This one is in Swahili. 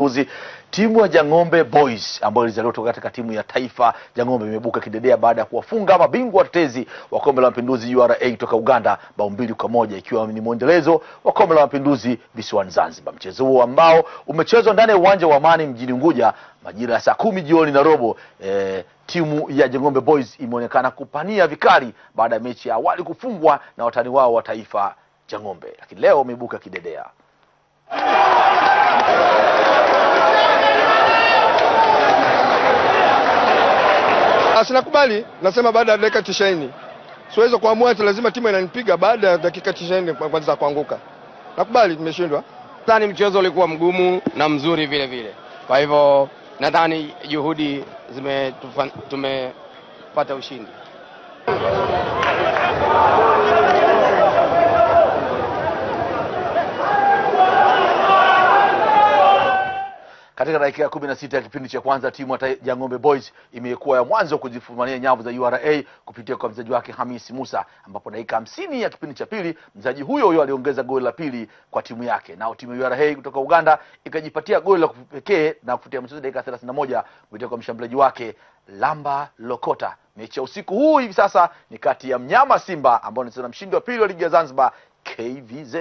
uzi timu ya Jang'ombe Boys ambayo ilizaliwa kutoka katika timu ya taifa Jang'ombe imebuka kidedea baada ya kuwafunga mabingwa watetezi wa kombe la mapinduzi URA kutoka Uganda bao mbili kwa moja ikiwa ni mwendelezo wa kombe la mapinduzi visiwani Zanzibar. Mchezo huo ambao umechezwa ndani ya uwanja wa Amani mjini Unguja majira ya saa kumi jioni na robo e, timu ya Jang'ombe Boys imeonekana kupania vikali baada ya mechi ya awali kufungwa na watani wao wa taifa Jang'ombe, lakini leo imebuka kidedea Ah, sinakubali, nasema baada ya dakika 90. Siwezi kuamua ati lazima timu inanipiga baada ya dakika 90 kwanza kuanguka. Nakubali nimeshindwa. Nadhani mchezo ulikuwa mgumu na mzuri vile vile. Kwa hivyo nadhani juhudi zime tumepata ushindi. Katika dakika ya kumi na sita ya kipindi cha kwanza timu ya ng'ombe Boys imekuwa ya mwanzo kujifumania nyavu za URA kupitia kwa mchezaji wake Hamisi Musa, ambapo dakika hamsini ya kipindi cha pili mchezaji huyo huyo aliongeza goli la pili kwa timu yake. Nao timu ya URA kutoka Uganda ikajipatia goli la pekee na kufutia mchezo dakika thelathini na moja kupitia kwa mshambuliaji wake Lamba Lokota. Mechi ya usiku huu hivi sasa ni kati ya mnyama Simba ambao anacheza na mshindi wa pili wa ligi ya Zanzibar KVZ.